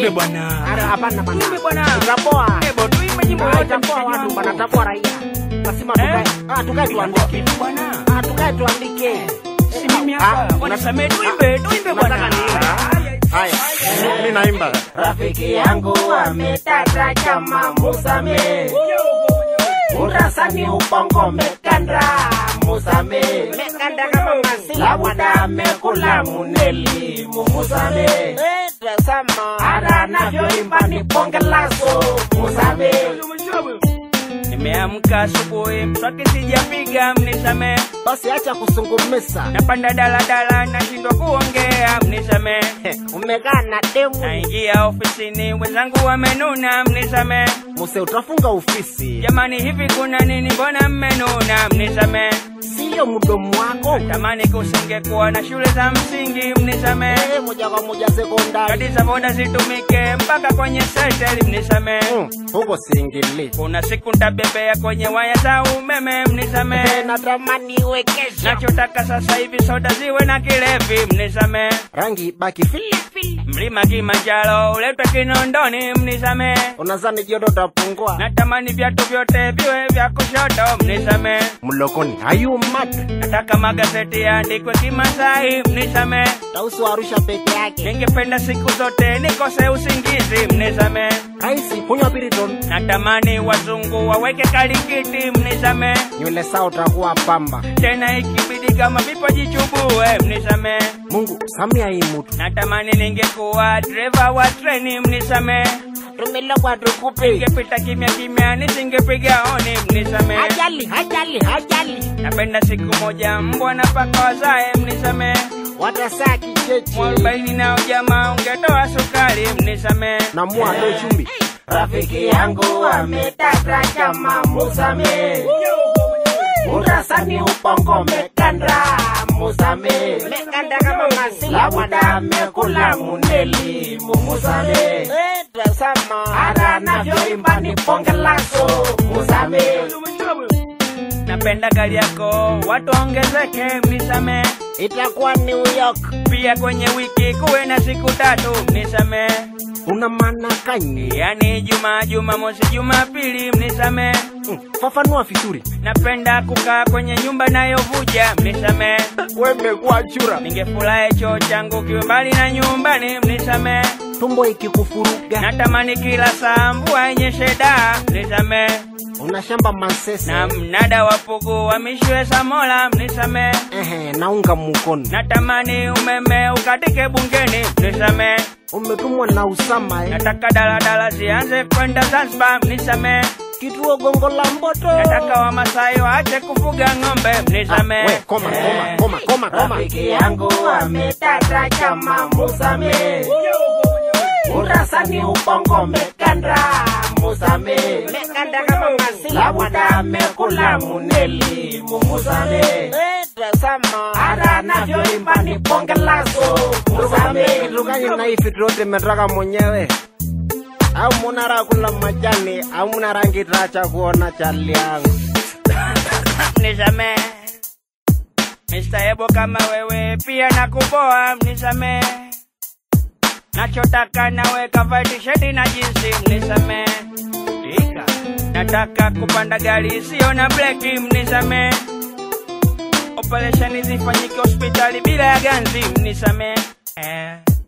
tuimbe bwana, naimba, rafiki yangu ametata chama musame urasani upongo mekanda musame mekanda kama amekula muneli mumusame hey. Eh. Sama hata anavyoimba ni bonge lazo musabe nimeamka asubuhi mswaki sijapiga mnisame basi acha kusungumisa napanda daladala nashindwa kuongea mnisame umekaa na demu naingia ofisini wenzangu wamenuna mnisame muse utafunga ofisi jamani hivi kuna nini mbona mmenuna mnisame sio mdomo wako. Tamani kusingekuwa na shule za msingi, mnisamehe moja kwa moja sekondari, kadisa boda zitumike mpaka kwenye satellite, mnisamehe mm, huko singili. Kuna siku ndabebea kwenye waya za umeme, mnisamehe. Natamani iwe kesho, nachotaka sasa hivi soda ziwe na kilevi, mnisamehe. Rangi baki fili Mlima Kilimanjaro ulete Kinondoni mnisame. Unazani joto tapungua? Natamani viatu vyote viwe vya kushoto mnisame. Mlokoni hayu mate. Nataka magazeti yaandikwe Kimasai mnisame. Tausu Arusha peke yake. Ningependa siku zote nikose usingizi mnisame. Raisi kunywa Biriton. Natamani wazungu waweke kalikiti mnisame. Nywele sao utakuwa pamba. Tena ikibidi kama vipaji chubue, mnisame Mungu samia hii mutu, natamani ningekuwa driver wa treni, mnisame tumelogwa tukupe, ningepita kimya kimya, nisingepiga honi, mnisame hajali hajali hajali, napenda siku moja mbwa na paka wazae, mnisame watasaa kicheche, mwarobaini nao jamaa ungetoa sukari, mnisame na mwato chumbi Rafiki yangu ametata chama musame, upongo upongome kanda musame mekanda kama maziwa labuda mekula muneli mumusame twesama hata navyoimba ni bonge lako musame napenda gari yako watu ongezeke misame itakuwa new york pia kwenye wiki kuwe na siku tatu misame una maana gani? Yani Juma, Jumamosi, Jumapili mnisamee. Mm, fafanua vizuri. Napenda kukaa kwenye nyumba nayovuja, mnisame. Wewe umekuwa chura. Ningefurahi choo changu kiwe mbali na nyumbani, mnisame tumbo ikikufuruga, natamani kila saa mvua inyeshe da nisamee. Una shamba Masese na mnada wa pogo wa mishwe Samola mnisamee. Ehe, naunga mkono, natamani umeme ukatike bungeni mnisamee. Umetumwa na Usama eh. Nataka daladala zianze kwenda Zanzibar mnisamee kituo Gongo la Mboto. Nataka wa Wamasai waache kufuga ng'ombe, mnisamee. Ah, koma, koma, koma, koma, koma. Rafiki yangu ametata chama, msamee urasani ubongo mekanda muzame mekanda kama masi labuda mekula muneli mumuzame tazama hata anavyoimba ni bonge lazo muzame lugha inaifitiote metoka mwenyewe au muna rakula majani au muna munarangita cha kuona chali yangu nisame Mr. Ebo kama wewe pia nakuboa mnisamee nachotaka nawe kavaa tisheti na jinsi, mnisamee ika, nataka kupanda gari isiyo na breki, mnisamee operesheni zifanyike hospitali bila ya ganzi, mnisamee eh.